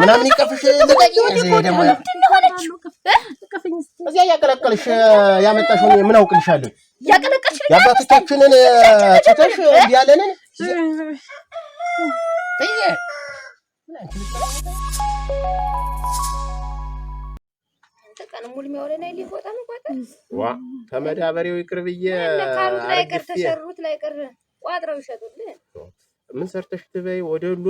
ምናምን ይቀፍሽ እዚያ እያቀለቀልሽ ያመጣሽውን ምን አውቅልሻለሁ። የአባቶቻችንን ትተሽ ያለንን ከመዳበሬው ይቅር ተሰሩት ቋጥረው ይሸጡልን ምን ሰርተሽ ትበይ ወደሉ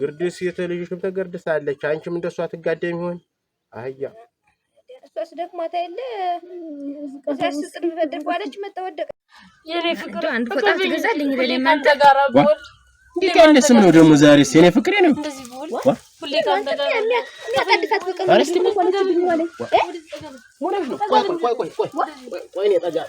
ግርድስ የተልጅሽም ተገርድሳለች። አንቺም እንደሷ ትጋደም ይሆን አህያ እሷስ ደክማታ የለ ሲያስጥን ምፈድር ባለች የኔ ፍቅር አንድ ነው ደግሞ ዛሬ የኔ ፍቅሬ ነው ሁሌ ካንተ ጋር ነው።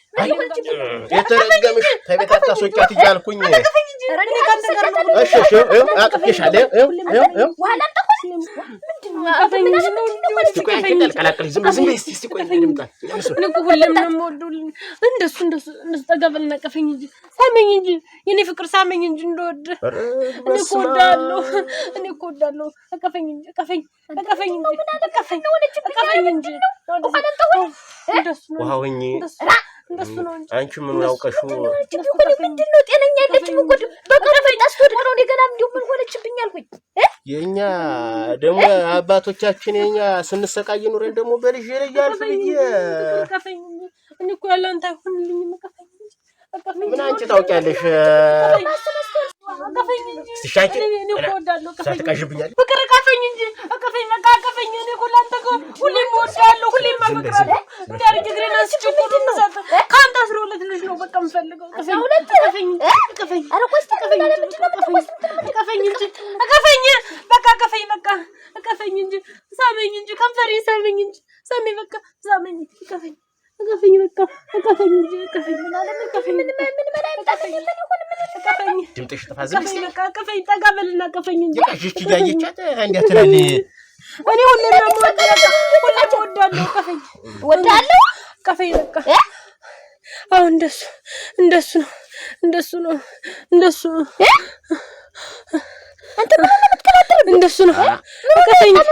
የተረገምሽ ከቤት አታስወጫት እያልኩኝ አቅፌሻለሁ። ፍቅር ሳመኝ እንጂ እንደሱ ነው እንጂ አንቺ ምን አውቀሽው? ምንድን ነው ጤነኛ አይደለችም እኮ በቀረፈኝ ጠስቶድ ነው። እኔ ገና እንዲሁ ምን ሆነችብኝ አልኩኝ። የእኛ ደግሞ አባቶቻችን የእኛ ስንሰቃይ ኑረን ደግሞ በልጄ ላይ ያልፍ ልጄ እኔ ምን አንቺ ታውቂያለሽ? ሁሌም ወዳለሁ፣ ሁሌም የምፈልገው እቀፈኝ፣ በቃ እቀፈኝ፣ በቃ እቀፈኝ እንጂ ሳመኝ እንጂ ከንፈሬን ሳመኝ እንጂ ሳመኝ፣ በቃ ሳመኝ፣ እቀፈኝ፣ እቀፈኝ፣ በቃ እቀፈኝ እንጂ እቀፈኝ፣ እቀፈኝ፣ ጠጋ በልና እቀፈኝ እንጂ እኔ ሁሌም እወዳለሁ፣ እቀፈኝ፣ እወዳለሁ፣ እቀፈኝ በቃ አዎ እንደሱ እንደሱ ነው እንደሱ ነው እንደሱ ነው። አንተ ምን የምትከታተለው? እንደሱ ነው። ከፈኝ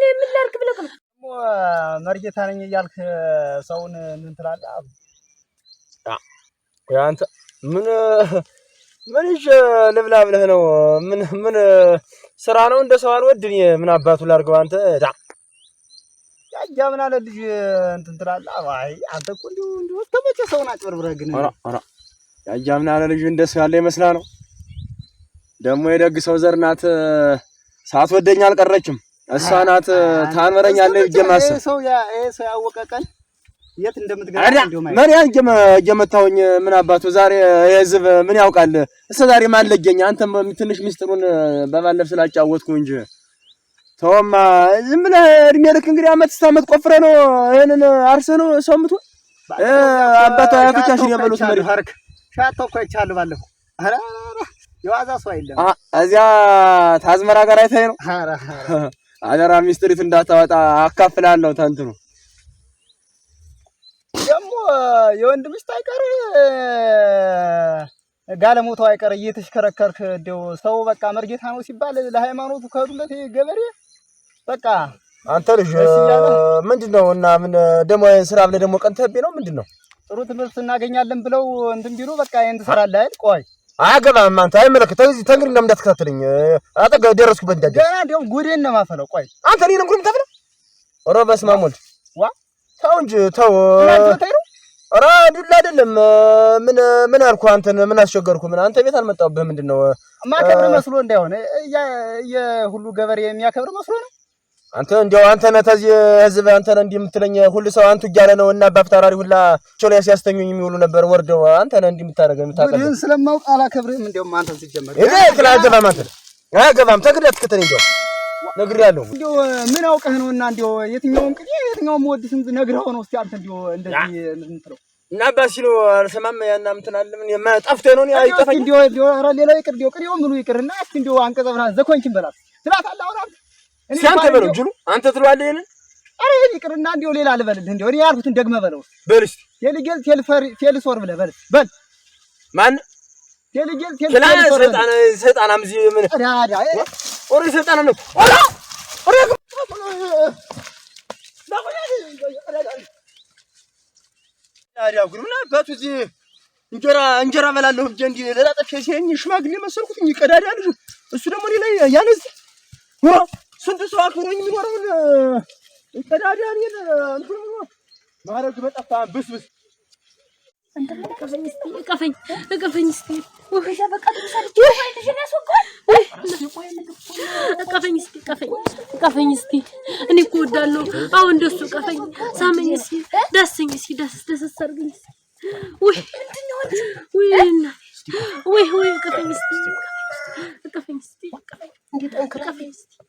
ምን ምን ላድርግ ብለህ ነው መርጌታ ነኝ እያልክ ሰውን ትላለህ? አንተ ምን ምን ይዤ ልብላ ብለህ ነው? ምን ምን ስራ ነው? እንደ ሰው አልወድን። ምን አባቱ ላድርገው? አንተ ዳ ያጃ ምን አለ ልጅ እንትን ትላለህ? አይ አንተ እኮ እንዲሁ እንዲሁ ሰውን አጭበርብረህ ግን ያጃ ምን አለ ልጅ ያለ ይመስላ ነው ደግሞ የደግ ሰው ዘር ናት። ሳትወደኝ አልቀረችም። እሷ ናት ታምረኛለህ ብዬ ማሰብ ሰው ያወቀ ቀን የት እንደምትገባ እየመታሁኝ ምን አባቱ ዛሬ የህዝብ ምን ያውቃል? እስከ ዛሬ ማን ለየኝ? አንተም ትንሽ ሚስጥሩን በባለፍ ስላጫወትኩ እንጂ ተውማ። ዝም ብለህ እድሜ ልክ እንግዲህ አመት እስከ አመት ቆፍረህ ነው ይሄንን አርሰ ነው ሰው የምትሆን። አባቱ አያቶቻችን የበሉት መሪ ሻቶ እኮ አይቻለሁ ባለፈው። ኧረ የዋዛ ሰው አይደለም። እዚያ ታዝመራ ጋር አይተኸኝ ነው አደራ ሚስጥሪት እንዳታወጣ አካፍላለሁ። ተንትኑ ደግሞ የወንድ ሚስት አይቀር ጋለሞታው አይቀር እየተሽከረከርክ እንደው ሰው በቃ መርጌታ ነው ሲባል ለሃይማኖቱ ከዱለት ገበሬ በቃ አንተ ልጅ ምንድን ነው እና ምን ደግሞ ስራ ብለህ ደግሞ ቀንተቤ ነው ምንድን ነው ጥሩ ትምህርት እናገኛለን ብለው እንትን ቢሉ በቃ ይሄን ትሰራለህ አይደል? ቆይ አያገባህም አንተ አይመለከትህም። ተዚህ ተንግሪ እንደምን እንዳትከታተለኝ አጠገብ ደረስኩበት እንዳደ ገና እንደውም ጉዴን ነው የማፈለው። ቆይ አንተ እኔ ለምኩልም ተፈለ ኧረ በስመ አብ ወልድ ዋ ተው እንጂ ተው። ኧረ ዱላ አይደለም። ምን ምን አልኩ? አንተን ምን አስቸገርኩ? ምን አንተ ቤት አልመጣሁብህ። ምንድን ነው ማከብር መስሎ እንዳይሆነ የሁሉ ገበሬ የሚያከብር መስሎ ነው አንተ እንዲያው አንተ ነህ ተዚህ ህዝብ አንተ ነህ እንዲህ የምትለኝ ሁሉ ሰው አንቱ እያለ ነው እና አባ ፍታራሪ ሁላ ቾላ ሲያስተኙኝ የሚውሉ ነበር። ወርደው አንተ ነህ እንዲህ የምታደርገው የምታቀለ ግን ስለማውቅ አላከብርህም። እንደውም አንተ ሲጀመር እዴ ክላ አገባም አንተ አገባም ተግለት ከተን እንደው ነግሬሃለሁ። እንደው ምን አውቀህ ነው እና እንደው የትኛውም ቅዲ የትኛውም ወዲስም ነግረኸው ነው። እስቲ አንተ እንደው እንደዚህ እንትለው እና አባ ሲሉ አልሰማም ያና እንትን አለ ምን ጠፍተህ ነው አይጠፋኝ። እንደው እንደው ኧረ ሌላ ይቅር እንደው ቅዲው ምኑ ይቅርና እስቲ እንደው አንቀጸ ብርሃን ዘኮንኪን በላት ትላታለህ አሁን አንተ እስኪ አንተ በለው ጅሉ አንተ ትለዋለህ ይሄንን። ኧረ ይቅርና እንደው ሌላ ልበልልህ እንደው እኔ ያልኩትን ደግመህ በለው በል እስኪ ቴልጌል ቴልሶር ብለህ በል በል ማን ቴልጌል ቴልፈር ሰይጣን ሰይጣን አምዚ ምን አዳ ኦሬ ሰይጣን ነው እንጀራ እንጀራ በላለሁ ብዬ እንዲህ ሌላ ጠፍ ሽማግሌ መሰልኩት። ቀዳዳ ልጁ እሱ ደግሞ እኔ ላይ ያነዝ ወራ ስንት ሰው አክብሮኝ የሚኖረውን ቀዳዳን እንትን ብሎ ማረግ በጠፋ ብስብስ እቀፈኝ እቀፈኝ እስኪ እቀፈኝ እስኪ እኔ እኮ ወዳለሁ አሁን እንደሱ እቀፈኝ፣ ሳመኝ እስኪ፣ ዳሰኝ እስኪ፣ ዳስ ደስ አድርገኝ እስኪ። ውይ፣ እቀፈኝ እስኪ፣ እቀፈኝ እስኪ፣ እቀፈኝ እስኪ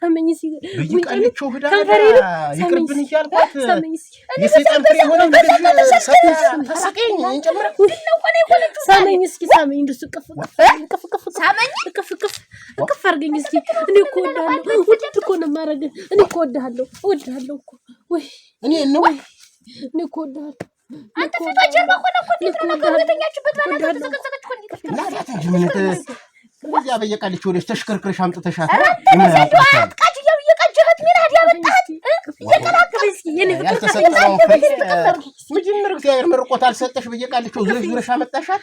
ሰመኝ እስኪ ብይቃለችው አድርገኝ እስኪ። እኔ እኮ እወድሃለሁ፣ ውድ እኮ ነው የማደርግህ። እኔ እኮ እወድሃለሁ፣ እወድሃለሁ እኮ ወይ እኔ ነው እኔ እኮ እወድሃለሁ። አንተ ፊቷ ጀርባ ሆነ እኮ እንዴት ነው ነገሩ? የተኛችበት ማለት ነው። ተዘቀዘቀች እኮ እንዴ! ሀዲያ በየቃልች ወደች ተሽከርክረሽ አምጥተሻት እግዚአብሔር መርቆት አልሰጠሽ። በየቃልች ዙረሽ ዙረሽ አመጣሻት።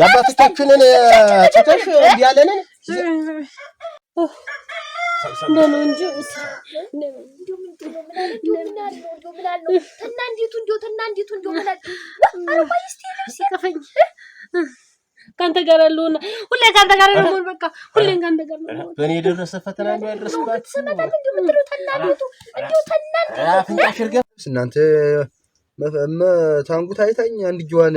የአባቶቻችንን ትተሽ እንዲያለንን እንደምን እንጂ ከአንተ ጋር ያለውና ሁሌ ከአንተ ጋር ነው። በቃ ሁሌ ከአንተ ጋር ነው። በእኔ የደረሰ ፈተና ነው ያደረስኩት። እናንተ ታንጉት አይታኝ አንድ ጊዋን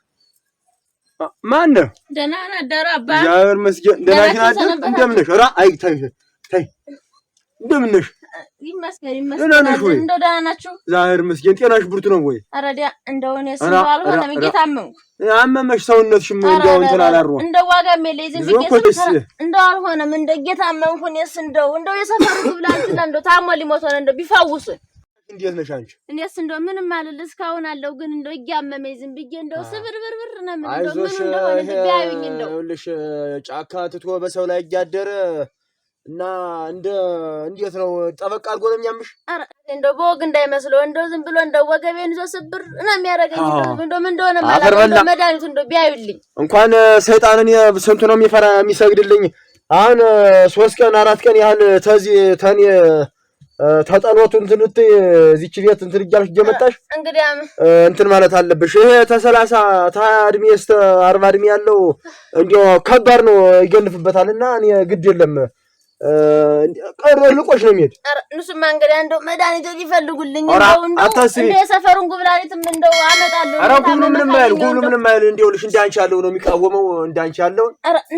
ማን ነው? ደህና ነህ? አደራ አባ። እግዚአብሔር ይመስገን። ደህና ነሽ? እንደምን ነሽ? ኧረ አይ ተይ ተይ፣ እንደምን ነሽ? እንደው ደህና ናችሁ? እግዚአብሔር ይመስገን። ጤናሽ ብርቱ ነው ወይ? ኧረ እንደው አመመሽ ሰውነትሽም እንደው እንትን አላሩ እንደው የለ እንደው አልሆነም። እንደ ጌታ እኔስ እንደው እንደው የሰፈሩ ብላችሁ እንደው ታሞ ሊሞት ሆነ እንደው ቢፋውሱን እንዴት ነሽ አንቺ? እኔስ እንደው ምንም አልል እስካሁን አለው ግን እንደው እያመመኝ ዝም ብዬ እንደው ስብርብርብር ነው ምን እንደው ምን እንደሆነ ቢያዩኝ እንደው ይኸውልሽ ጫካ ትቶ በሰው ላይ እያደረ እና እንደ እንዴት ነው ጠበቅ አድርጎ ነው የሚያምሽ? ኧረ እንደው በወግ እንዳይመስለው እንደው ዝም ብሎ እንደው ወገቤን ይዞ ስብር ነው የሚያደርገኝ። እንደው ምን እንደሆነ ማለት ነው መድኃኒቱ እንደው ቢያዩልኝ እንኳን ሰይጣንን ስንቱ ነው የሚፈራ የሚሰግድልኝ። አሁን ሶስት ቀን አራት ቀን ያህል ተዚህ ተኔ ተጠሎቱ እንትን እት እዚች ቤት እንትን እያልሽ እየመጣሽ እንትን ማለት አለብሽ። ይሄ ተሰላሳ ተሀያ እድሜ እስከ አርባ እድሜ ያለው እንዲያው ከባድ ነው ይገልፍበታልና እኔ ግድ የለም ቀሮ ልቆሽ ነው የሚሄድ። እሱማ እንግዲህ እንደው መድኃኒት ይፈልጉልኝ የሰፈሩን ጉብላሊትም እንደው አመጣለሁ። ኧረ ጉብሉ ምንም አይል ጉብሉ ምንም አይል። እንዲያውልሽ እንዳንቺ ያለው ነው የሚቃወመው። እንዳንቺ ያለው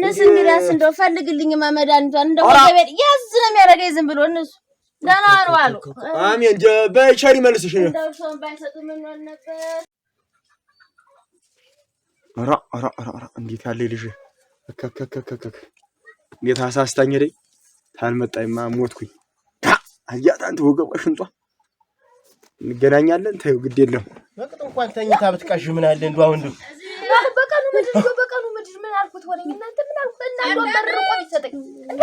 ንስ እንግዲያስ እንደው ፈልግልኝማ መድኃኒቷን እንደው ቤት ያዝ ነው የሚያደርገኝ ዝም ብሎ እነሱ ደህና ዋሉ አሉ። አሜን። በቸሪ መልስሽ ራ ራ ራ እንዴት ያለ ልጅ ከከከከከ እንዴት አሳስታኝ ላይ ታልመጣይማ ሞትኩኝ። አያት አንተ ወገቧ ሽንጧ እንገናኛለን። ተይው ግድ የለም በቅጡ እንኳን ተኝታ ብትቃሽ ምን አለ እንደው አሁን በቀኑ ምድር በቀኑ ምድር ምን አልኩት ወለኝ እናንተ ምን አልኩት እና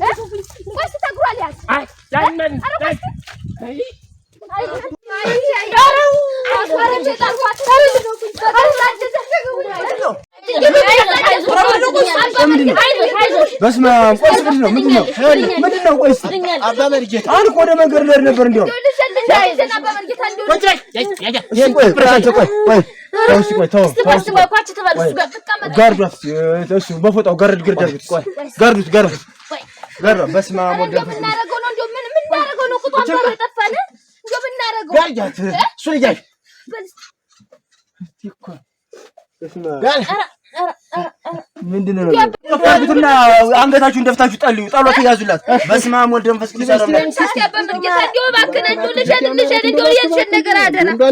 ምንድን ነው? በስመ አብ ቆይ እስኪ ምንድን ነው? ምንድን ነው? ምንድን ነው? ቆይ እስኪ አባባ ልጄ ወደ መንገድ ልሄድ ነበር። እንዲያው በፎጣው ገረድ ግርድ አድርጉት። ቆይ ገርዱት፣ ገርዱት፣ ገርዱ። በስመ አብ ወደ ምን ምንድነው? ና አንገታችሁን ደፍታችሁ ጠልዩ፣ ጸሎት ያዙላት። በስመ አብ ወልድ መንፈስ ቅዱስ ጸሎት ያዙ። እንዱ አደራ እንዱ አደራ እንዱ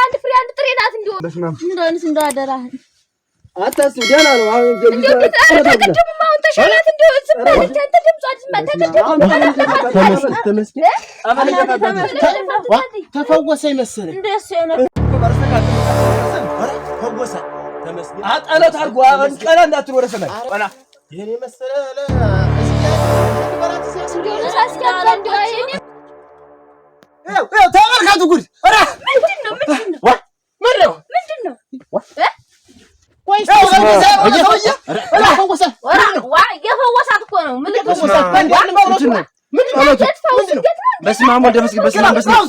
አንድ ፍሬ አንድ ጥሬ ናት። እንዱ በስመ አብ እንደሆነስ እንዱ አደራህን አታስብ፣ ደህና ነው። አሁን ተፈወሰ ይመስል ጠለት አድርጎ ቀና እንዳትል ወደ ሰማይ ምንድን ነው? የፈወሳት እኮ ነው።